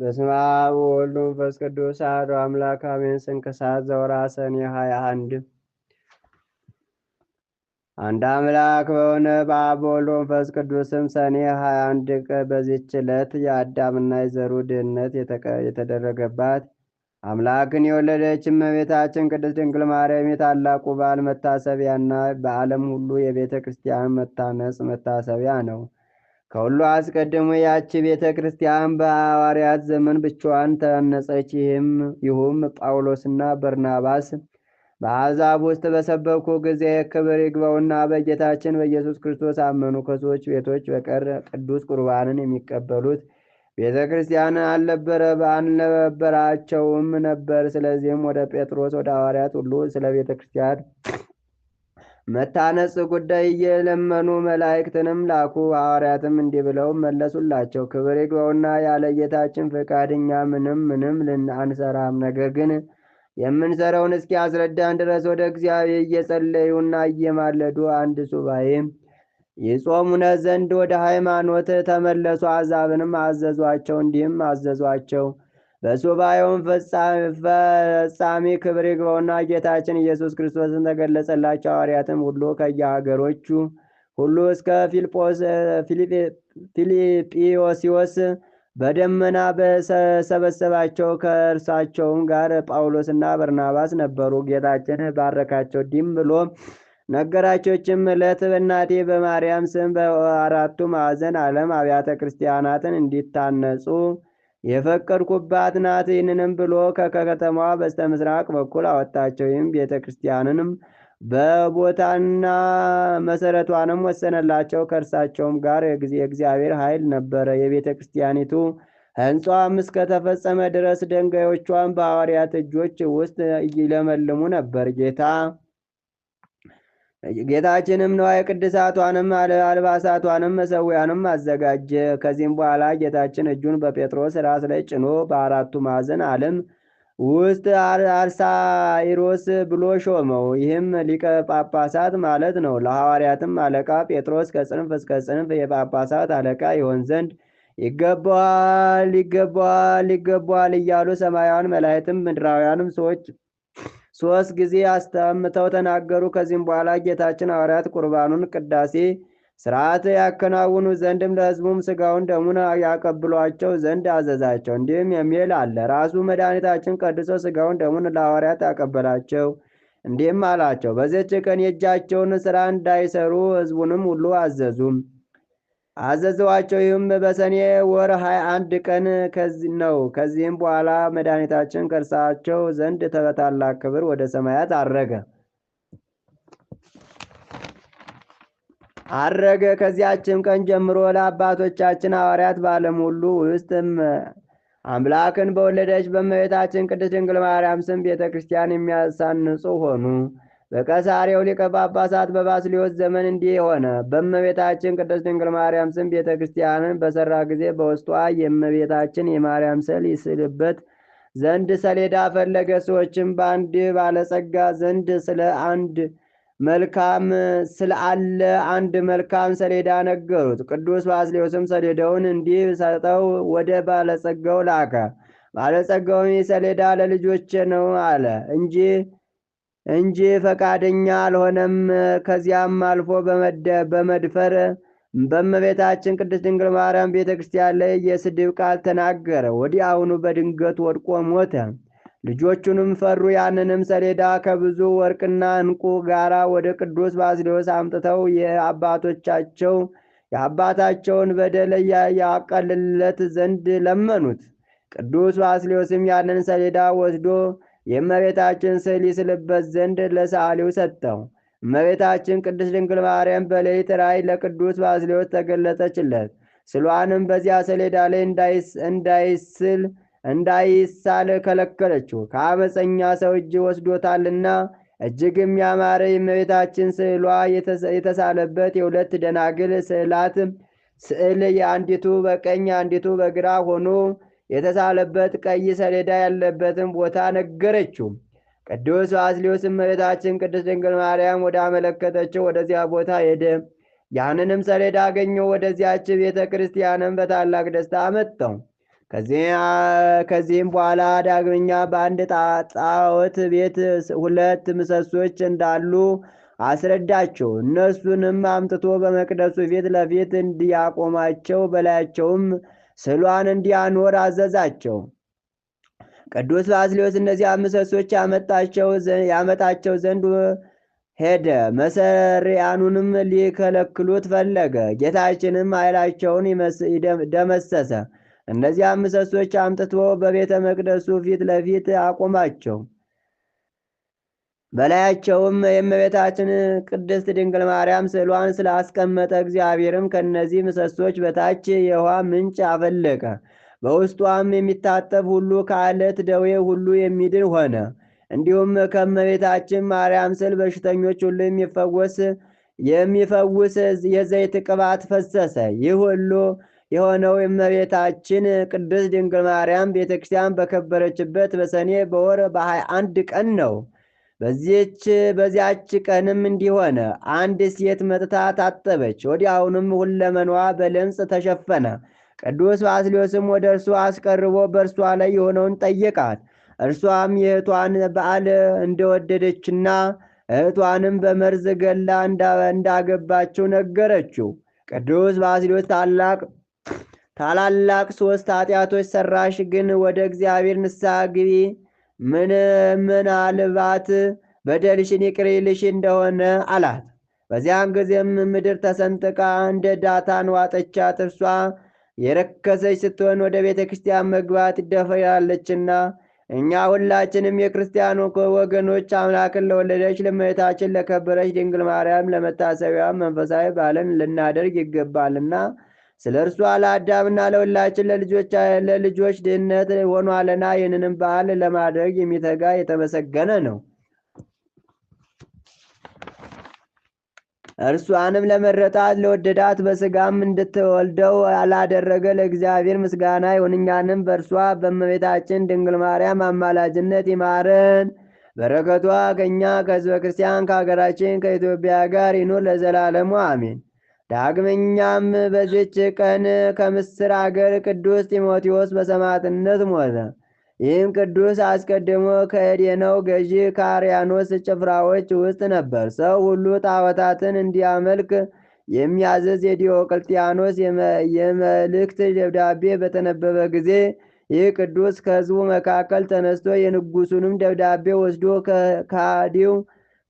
በስመ አብ ወወልድ ወመንፈስ ቅዱስ አሐዱ አምላክ አሜን። ስንክሳር ዘወርኃ ሰኔ አንድ አንድ አምላክ በሆነ በአብ በወልድ በመንፈስ ቅዱስም ሰኔ ሃያ አንድ ቀን ዕለት የአዳምና የዘሩ ድህነት የተደረገባት አምላክን የወለደች እመቤታችን ቅድስት ድንግል ማርያም የታላቁ በዓል መታሰቢያና በዓለም ሁሉ የቤተ ክርስቲያን መታነጽ መታሰቢያ ነው። ከሁሉ አስቀድሞ ያቺ ቤተ ክርስቲያን በሐዋርያት ዘመን ብቻዋን ተነጸች። ይህም ይሁም ጳውሎስና በርናባስ በአሕዛብ ውስጥ በሰበኩ ጊዜ ክብር ይግባውና በጌታችን በኢየሱስ ክርስቶስ አመኑ። ከሰዎች ቤቶች በቀር ቅዱስ ቁርባንን የሚቀበሉት ቤተ ክርስቲያን አልነበረ አልነበራቸውም ነበር። ስለዚህም ወደ ጴጥሮስ ወደ ሐዋርያት ሁሉ ስለ ቤተ ክርስቲያን መታነጽ ጉዳይ እየለመኑ መላእክትንም ላኩ። ሐዋርያትም እንዲህ ብለው መለሱላቸው፣ ክብር ይግባውና ያለ ጌታችን እኛ ምንም ምንም ልናንሰራም፣ ነገር ግን የምንሰራውን እስኪ አስረዳን ድረስ ወደ እግዚአብሔር እየጸለዩና እየማለዱ አንድ ሱባኤ ይጾሙነ ዘንድ ወደ ሃይማኖት ተመለሱ። አዛብንም አዘዟቸው፣ እንዲህም አዘዟቸው በሱባኤውም ፈጻሚ ክብር ይግባውና ጌታችን ኢየሱስ ክርስቶስን ተገለጸላቸው። ሐዋርያትም ሁሉ ከየሀገሮቹ ሁሉ እስከ ፊልጵዎስዮስ በደመና በሰበሰባቸው። ከእርሳቸውም ጋር ጳውሎስና በርናባስ ነበሩ። ጌታችን ባረካቸው፣ ዲም ብሎ ነገራቾችም ዕለት እናቴ በማርያም ስም በአራቱ ማዕዘን ዓለም አብያተ ክርስቲያናትን እንዲታነጹ የፈቀድኩባት ናት። ይህንንም ብሎ ከከተማዋ በስተ ምስራቅ በኩል አወጣቸው። ይህም ቤተ ክርስቲያንንም በቦታና መሰረቷንም ወሰነላቸው። ከእርሳቸውም ጋር የእግዚአብሔር ኃይል ነበረ። የቤተ ክርስቲያኒቱ ሕንጻም እስከተፈጸመ ድረስ ድንጋዮቿን በሐዋርያት እጆች ውስጥ ይለመልሙ ነበር ጌታ ጌታችንም ነዋየ ቅድሳቷንም አልባሳቷንም መሰዊያንም አዘጋጀ። ከዚህም በኋላ ጌታችን እጁን በጴጥሮስ ራስ ላይ ጭኖ በአራቱ ማዕዘን ዓለም ውስጥ አርሳይሮስ ብሎ ሾመው። ይህም ሊቀ ጳጳሳት ማለት ነው። ለሐዋርያትም አለቃ ጴጥሮስ ከጽንፍ እስከ ጽንፍ የጳጳሳት አለቃ ይሆን ዘንድ ይገባዋል፣ ይገባዋል፣ ይገባዋል እያሉ ሰማያውያን መላእክትም ምድራውያንም ሰዎች ሶስት ጊዜ አስተምተው ተናገሩ። ከዚህም በኋላ ጌታችን ሐዋርያት ቁርባኑን ቅዳሴ ስርዓት ያከናውኑ ዘንድም ለሕዝቡም ስጋውን ደሙን ያቀብሏቸው ዘንድ አዘዛቸው። እንዲህም የሚል አለ። ራሱ መድኃኒታችን ቀድሶ ስጋውን ደሙን ለሐዋርያት ያቀበላቸው እንዲህም አላቸው። በዚች ቀን የእጃቸውን ስራ እንዳይሰሩ ሕዝቡንም ሁሉ አዘዙም። አዘዘዋቸው። ይህም በሰኔ ወር 21 ቀን ነው። ከዚህም በኋላ መድኃኒታችን ከእርሳቸው ዘንድ በታላቅ ክብር ወደ ሰማያት አረገ አረገ። ከዚያችም ቀን ጀምሮ ለአባቶቻችን ሐዋርያት በዓለም ሁሉ ውስጥም አምላክን በወለደች በእመቤታችን ቅድስት ድንግል ማርያም ስም ቤተ ክርስቲያን የሚያሳንጹ ሆኑ። በቀሳሬው ሊቀ ጳጳሳት በባስሊዮስ ዘመን እንዲህ ሆነ በእመቤታችን ቅድስት ድንግል ማርያም ስም ቤተ ክርስቲያንን በሠራ ጊዜ በውስጧ የእመቤታችን የማርያም ስዕል ይስልበት ዘንድ ሰሌዳ ፈለገ። ሰዎችም በአንድ ባለጸጋ ዘንድ ስለ አንድ መልካም ስለአለ አንድ መልካም ሰሌዳ ነገሩት። ቅዱስ ባስሌዎስም ሰሌዳውን እንዲህ ሰጠው ወደ ባለጸጋው ላከ። ባለጸጋውም ሰሌዳ ለልጆች ነው አለ እንጂ እንጂ ፈቃደኛ አልሆነም። ከዚያም አልፎ በመድፈር በእመቤታችን ቅድስት ድንግል ማርያም ቤተ ክርስቲያን ላይ የስድብ ቃል ተናገረ። ወዲያውኑ በድንገት ወድቆ ሞተ። ልጆቹንም ፈሩ። ያንንም ሰሌዳ ከብዙ ወርቅና እንቁ ጋራ ወደ ቅዱስ ባስሌዎስ አምጥተው የአባቶቻቸው የአባታቸውን በደል ያቀልለት ዘንድ ለመኑት። ቅዱስ ባስሌዎስም ያንን ሰሌዳ ወስዶ የእመቤታችን ስዕል ይስልበት ዘንድ ለሰዓሊው ሰጠው። እመቤታችን ቅድስት ድንግል ማርያም በሌሊት ራእይ ለቅዱስ ባስልዮስ ተገለጠችለት። ስሏንም በዚያ ሰሌዳ ላይ እንዳይስል እንዳይሳል ከለከለችው። ከአመፀኛ ሰው እጅ ወስዶታልና እጅግም ያማረ የእመቤታችን ስዕሏ የተሳለበት የሁለት ደናግል ስዕላት ስዕል የአንዲቱ በቀኝ አንዲቱ በግራ ሆኖ የተሳለበት ቀይ ሰሌዳ ያለበትን ቦታ ነገረችው። ቅዱስ አስሊዮስ እመቤታችን ቅድስት ድንግል ማርያም ወደ አመለከተችው ወደዚያ ቦታ ሄደ። ያንንም ሰሌዳ አገኘው። ወደዚያች ቤተ ክርስቲያንም በታላቅ ደስታ አመጣው። ከዚህም በኋላ ዳግመኛ በአንድ ጣዖት ቤት ሁለት ምሰሶች እንዳሉ አስረዳቸው። እነሱንም አምጥቶ በመቅደሱ ፊት ለፊት እንዲያቆማቸው በላያቸውም ስዕሏን እንዲያኖር አዘዛቸው። ቅዱስ ባስልዮስ እነዚህ ምሰሶች ያመጣቸው ዘንድ ሄደ። መሰሪያኑንም ሊከለክሉት ፈለገ። ጌታችንም ኃይላቸውን ደመሰሰ። እነዚያ ምሰሶች አምጥቶ በቤተ መቅደሱ ፊት ለፊት አቆማቸው። በላያቸውም የእመቤታችን ቅድስት ድንግል ማርያም ስዕሏን ስላስቀመጠ እግዚአብሔርም ከእነዚህ ምሰሶች በታች የውሃ ምንጭ አፈለቀ። በውስጧም የሚታጠብ ሁሉ ከአለት ደዌ ሁሉ የሚድን ሆነ። እንዲሁም ከእመቤታችን ማርያም ስዕል በሽተኞች ሁሉ የሚፈወስ የሚፈውስ የዘይት ቅባት ፈሰሰ። ይህ ሁሉ የሆነው የእመቤታችን ቅድስት ድንግል ማርያም ቤተክርስቲያን በከበረችበት በሰኔ በወር በሃያ አንድ ቀን ነው። በዚህች በዚያች ቀንም እንዲሆነ አንድ ሴት መጥታ ታጠበች፣ ወዲያውንም ሁለመኗ በለምጽ ተሸፈነ። ቅዱስ ባስልዮስም ወደ እርሷ አስቀርቦ በእርሷ ላይ የሆነውን ጠየቃት። እርሷም የእህቷን በዓል እንደወደደችና እህቷንም በመርዝ ገላ እንዳገባችው ነገረችው። ቅዱስ ባስልዮስ ታላቅ ታላላቅ ሦስት ኃጢአቶች ሠራሽ፣ ግን ወደ እግዚአብሔር ንስሐ ግቢ ምን ምናልባት በደልሽን ይቅር እንደሆነ አላት። በዚያን ጊዜም ምድር ተሰንጥቃ እንደ ዳታን ዋጠቻት። እርሷ የረከሰች ስትሆን ወደ ቤተ ክርስቲያን መግባት ይደፈራለችና እኛ ሁላችንም የክርስቲያኑ ወገኖች አምላክን ለወለደች ለእመቤታችን ለከበረች ድንግል ማርያም ለመታሰቢያ መንፈሳዊ ባለን ልናደርግ ይገባልና ስለ እርሷ ለአዳምና ለሁላችን ለልጆች ድህነት ሆኗልና ይህንንም በዓል ለማድረግ የሚተጋ የተመሰገነ ነው። እርሷንም ለመረጣት ለወደዳት በስጋም እንድትወልደው ላደረገ ለእግዚአብሔር ምስጋና ይሁን። እኛንም በእርሷ በእመቤታችን ድንግል ማርያም አማላጅነት ይማረን። በረከቷ ከእኛ ከህዝበ ክርስቲያን ከሀገራችን ከኢትዮጵያ ጋር ይኑር ለዘላለሙ አሜን። ዳግመኛም በዚች ቀን ከምስር አገር ቅዱስ ጢሞቴዎስ በሰማዕትነት ሞተ። ይህም ቅዱስ አስቀድሞ ከኤዴናው ገዢ ከአርያኖስ ጭፍራዎች ውስጥ ነበር። ሰው ሁሉ ጣዖታትን እንዲያመልክ የሚያዝዝ የዲዮቅልጥያኖስ የመልእክት ደብዳቤ በተነበበ ጊዜ ይህ ቅዱስ ከሕዝቡ መካከል ተነስቶ የንጉሱንም ደብዳቤ ወስዶ ከሃዲው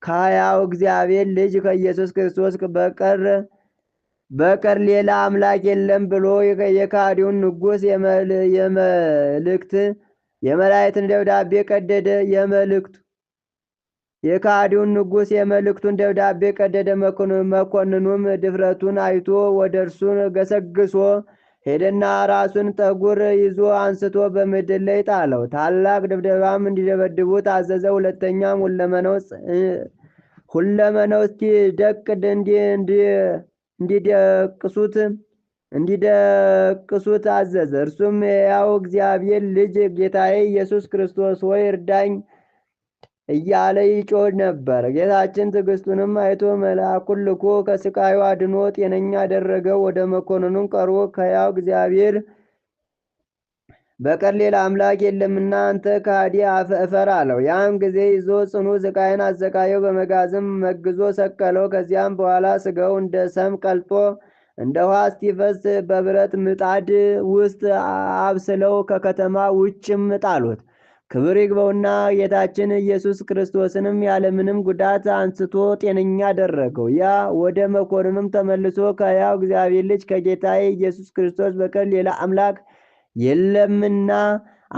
ከሕያው እግዚአብሔር ልጅ ከኢየሱስ ክርስቶስ በቀር በቀር ሌላ አምላክ የለም ብሎ የካዲውን ንጉሥ የመልእክት የመላእክትን ደብዳቤ ቀደደ። የመልእክቱ የካዲውን ንጉሥ የመልእክቱን ደብዳቤ ቀደደ። መኮንኑም ድፍረቱን አይቶ ወደ እርሱ ገሰግሶ ሄደና ራሱን ጠጉር ይዞ አንስቶ በምድር ላይ ጣለው። ታላቅ ድብደባም እንዲደበድቡ ታዘዘ። ሁለተኛም ሁለመነው እስኪ ደቅ እንዲደቅሱት እንዲደቅሱት አዘዘ። እርሱም ያው እግዚአብሔር ልጅ ጌታዬ ኢየሱስ ክርስቶስ ሆይ እርዳኝ እያለ ይጮህ ነበር። ጌታችን ትዕግስቱንም አይቶ መልአኩን ልኮ ከስቃዩ አድኖ ጤነኛ አደረገው። ወደ መኮንኑም ቀርቦ ከያው እግዚአብሔር በቀር ሌላ አምላክ የለምና አንተ ከሃዲ አፈር አለው። ያም ጊዜ ይዞ ጽኑ ስቃይን አዘቃየው፣ በመጋዝም መግዞ ሰቀለው። ከዚያም በኋላ ስጋው እንደ ሰም ቀልጦ እንደ ውሃ እስኪፈስ በብረት ምጣድ ውስጥ አብስለው ከከተማ ውጭም ጣሉት። ክብር ይግበውና ጌታችን ኢየሱስ ክርስቶስንም ያለምንም ጉዳት አንስቶ ጤነኛ አደረገው። ያ ወደ መኮንንም ተመልሶ ከያው እግዚአብሔር ልጅ ከጌታዬ ኢየሱስ ክርስቶስ በቀር ሌላ አምላክ የለምና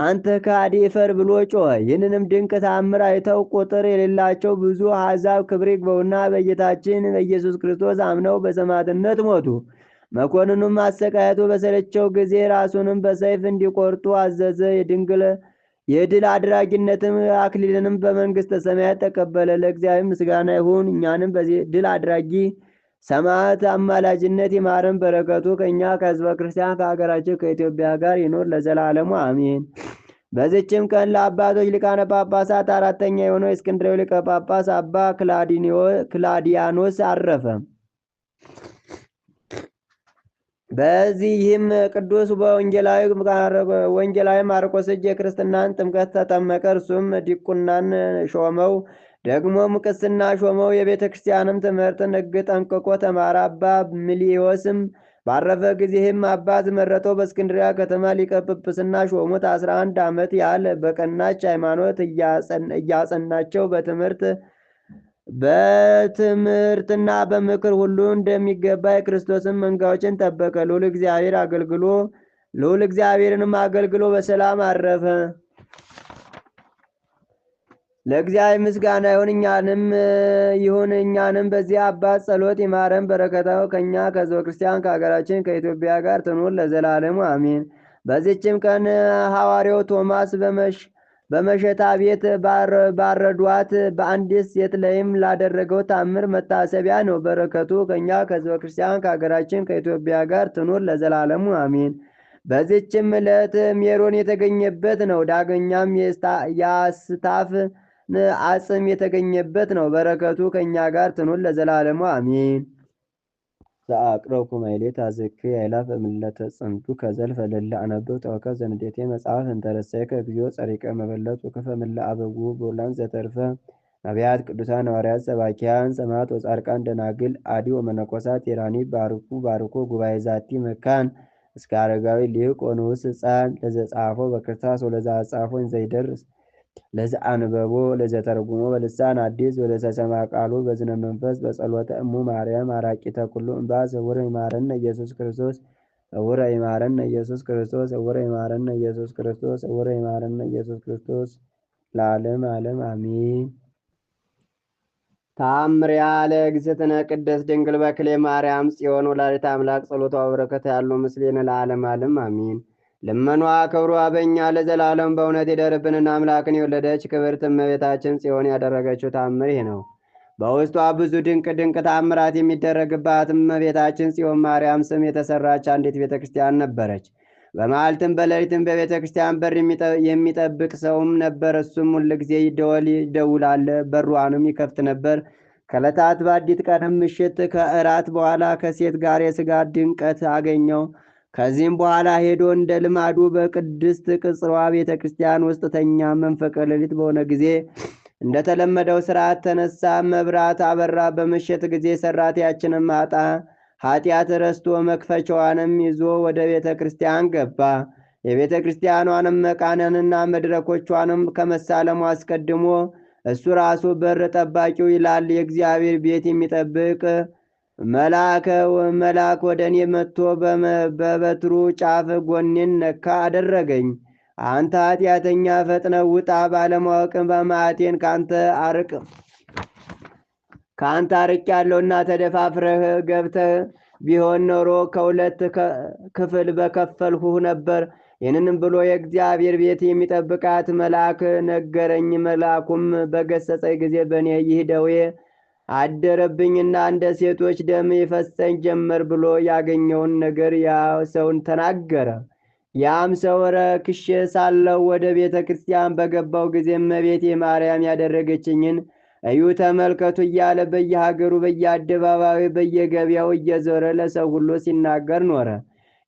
አንተ ካዲ ፈር ብሎ ጮኸ። ይህንንም ድንቅ ታምር አይተው ቁጥር የሌላቸው ብዙ አሕዛብ ክብር ይግባውና በጌታችን በኢየሱስ ክርስቶስ አምነው በሰማዕትነት ሞቱ። መኮንኑም አሰቃየቱ በሰለቸው ጊዜ ራሱንም በሰይፍ እንዲቆርጡ አዘዘ። የድንግል የድል አድራጊነትም አክሊልንም በመንግሥተ ሰማያት ተቀበለ። ለእግዚአብሔር ምስጋና ይሁን። እኛንም በዚህ ድል አድራጊ ሰማዕት አማላጅነት ይማረን። በረከቱ ከእኛ ከህዝበ ክርስቲያን ከሀገራችን ከኢትዮጵያ ጋር ይኖር ለዘላለሙ አሜን። በዚችም ቀን ለአባቶች ሊቃነ ጳጳሳት አራተኛ የሆነው የእስክንድርያው ሊቀ ጳጳስ አባ ክላዲያኖስ አረፈ። በዚህም ቅዱስ በወንጌላዊ ማርቆስ እጅ የክርስትናን ጥምቀት ተጠመቀ። እርሱም ዲቁናን ሾመው። ደግሞም ቅስና ሾመው። የቤተ ክርስቲያንም ትምህርትን ሕግ ጠንቅቆ ተማረ። አባ ሚሊዮስም ባረፈ ጊዜህም አባት መረጠው። በእስክንድሪያ ከተማ ሊቀ ጵጵስና ሾሙት። አስራ አንድ ዓመት ያህል በቀናች ሃይማኖት እያጸናቸው በትምህርት በትምህርትና በምክር ሁሉ እንደሚገባ የክርስቶስን መንጋዎችን ጠበቀ። ልዑል እግዚአብሔር አገልግሎ ልዑል እግዚአብሔርንም አገልግሎ በሰላም አረፈ። ለእግዚአብሔር ምስጋና ይሁን እኛንም ይሁን እኛንም በዚህ አባት ጸሎት ይማረን። በረከታው ከእኛ ከህዝበ ክርስቲያን ከሀገራችን ከኢትዮጵያ ጋር ትኑር ለዘላለሙ አሜን። በዚችም ቀን ሐዋርያው ቶማስ በመሸታ ቤት ባረዷት በአንዲት ሴት ላይም ላደረገው ታምር መታሰቢያ ነው። በረከቱ ከእኛ ከህዝበ ክርስቲያን ከሀገራችን ከኢትዮጵያ ጋር ትኑር ለዘላለሙ አሜን። በዚችም ዕለት ሜሮን የተገኘበት ነው። ዳገኛም የአስታፍ አጽም የተገኘበት ነው። በረከቱ ከእኛ ጋር ትኑር ለዘላለሙ አሚን። ዘአቅረብኩ ማይሌት አዝክሬ አእላፈ እምለተ ጽምዱ ከዘልፈ ለለ አነብብ ተወከብ ዘንዴቴ መጽሐፍ እንተረሳይ ከእግዚኦ ጸሪቀ መበለጡ ክፈ ምለ አበጉ ቦላን ዘተርፈ ነቢያት፣ ቅዱሳን ሐዋርያት፣ ሰባኪያን ሰማዕት፣ ወጻድቃን ደናግል፣ አዲ ወመነኮሳት ቴራኒ ባርኩ ባርኮ ጉባኤ ዛቲ መካን እስከ አረጋዊ ሊቅ ወንውስ ህፃን ለዘጻፎ በክርታስ ወለዛ ጻፎን ዘይደርስ ለዚ ለዘተርጉሞ በልሳን አዲስ ወለተሰማ ቃሉ በዝነ መንፈስ በጸሎተ እሙ ማርያም አራቂ ተኩሉ እምባ ዘውረ ይማረነ ኢየሱስ ክርስቶስ እውረ ይማረነ ኢየሱስ ክርስቶስ እውረ ይማረነ ኢየሱስ ክርስቶስ እውረ ይማረነ ኢየሱስ ክርስቶስ ለዓለም ዓለም አሜን። ታምሪያ ለእግዝእትነ ቅድስት ድንግል በክሌ ማርያም ጽዮን ወላዲተ አምላክ ጸሎቷ በረከት ያለው ምስሌን ለዓለም ዓለም አሜን። ልመኗ ክብሯ በእኛ ለዘላለም በእውነት ይደርብንና አምላክን የወለደች ክብርት እመቤታችን ጽዮን ያደረገችው ታምር ይህ ነው። በውስጧ ብዙ ድንቅ ድንቅ ታምራት የሚደረግባት እመቤታችን ጽዮን ማርያም ስም የተሰራች አንዲት ቤተ ክርስቲያን ነበረች። በመዓልትም በሌሊትም በቤተ ክርስቲያን በር የሚጠብቅ ሰውም ነበር። እሱም ሁልጊዜ ደወል ይደውላል፣ በሯንም ይከፍት ነበር። ከለታት በአዲት ቀንም ምሽት ከእራት በኋላ ከሴት ጋር የሥጋ ድንቀት አገኘው። ከዚህም በኋላ ሄዶ እንደ ልማዱ በቅድስት ቅጽሯ ቤተ ክርስቲያን ውስጥ ተኛ። መንፈቀ ሌሊት በሆነ ጊዜ እንደተለመደው ስርዓት ተነሳ፣ መብራት አበራ። በምሽት ጊዜ ሰራቲያችንም ማጣ ኃጢአት ረስቶ መክፈቻዋንም ይዞ ወደ ቤተ ክርስቲያን ገባ። የቤተ ክርስቲያኗንም መቃንንና መድረኮቿንም ከመሳለሙ አስቀድሞ እሱ ራሱ በር ጠባቂው ይላል የእግዚአብሔር ቤት የሚጠብቅ መልአክ ወደ እኔ መጥቶ በበትሩ ጫፍ ጎኔን ነካ አደረገኝ። አንተ ኃጢአተኛ ፈጥነ ውጣ፣ ባለማወቅን በማዕቴን ከአንተ አርቅ ከአንተ አርቅ ያለውና ተደፋፍረህ ገብተህ ቢሆን ኖሮ ከሁለት ክፍል በከፈልሁህ ነበር። ይህንንም ብሎ የእግዚአብሔር ቤት የሚጠብቃት መልአክ ነገረኝ። መልአኩም በገሰጸ ጊዜ በእኔ ይህ ደዌ አደረብኝና እንደ ሴቶች ደም ይፈሰኝ ጀመር ብሎ ያገኘውን ነገር ያ ሰውን ተናገረ። ያም ሰው ረክሼ ሳለው ወደ ቤተ ክርስቲያን በገባው ጊዜ እመቤቴ ማርያም ያደረገችኝን እዩ ተመልከቱ እያለ በየሀገሩ በየአደባባዩ በየገበያው እየዞረ ለሰው ሁሉ ሲናገር ኖረ።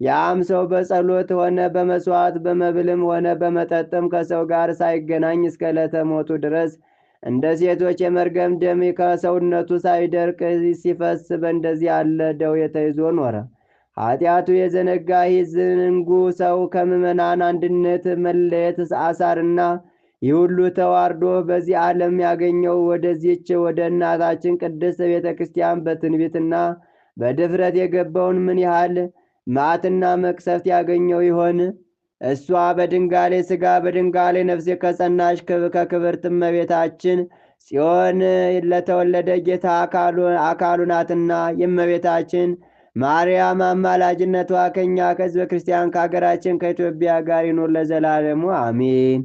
ያም ሰው በጸሎት ሆነ በመስዋዕት በመብልም ሆነ በመጠጥም ከሰው ጋር ሳይገናኝ እስከ ለተሞቱ ድረስ እንደ ሴቶች የመርገም ደም ከሰውነቱ ሳይደርቅ ሲፈስ በእንደዚህ ያለ ደዌ ተይዞ ኖረ። ኃጢአቱ የዘነጋ ዝንጉ ሰው ከምዕመናን አንድነት መለየት አሳርና ይህ ሁሉ ተዋርዶ በዚህ ዓለም ያገኘው ወደዚች ወደ እናታችን ቅድስት ቤተ ክርስቲያን በትንቢትና በድፍረት የገባውን ምን ያህል መዓትና መቅሰፍት ያገኘው ይሆን? እሷ በድንጋሌ ሥጋ በድንጋሌ ነፍሴ ከጸናሽ ከክብርት እመቤታችን ጽዮን ለተወለደ ጌታ አካሉ ናትና የእመቤታችን ማርያም አማላጅነቷ ከእኛ ከሕዝበ ክርስቲያን ከአገራችን ከኢትዮጵያ ጋር ይኑር ለዘላለሙ አሜን።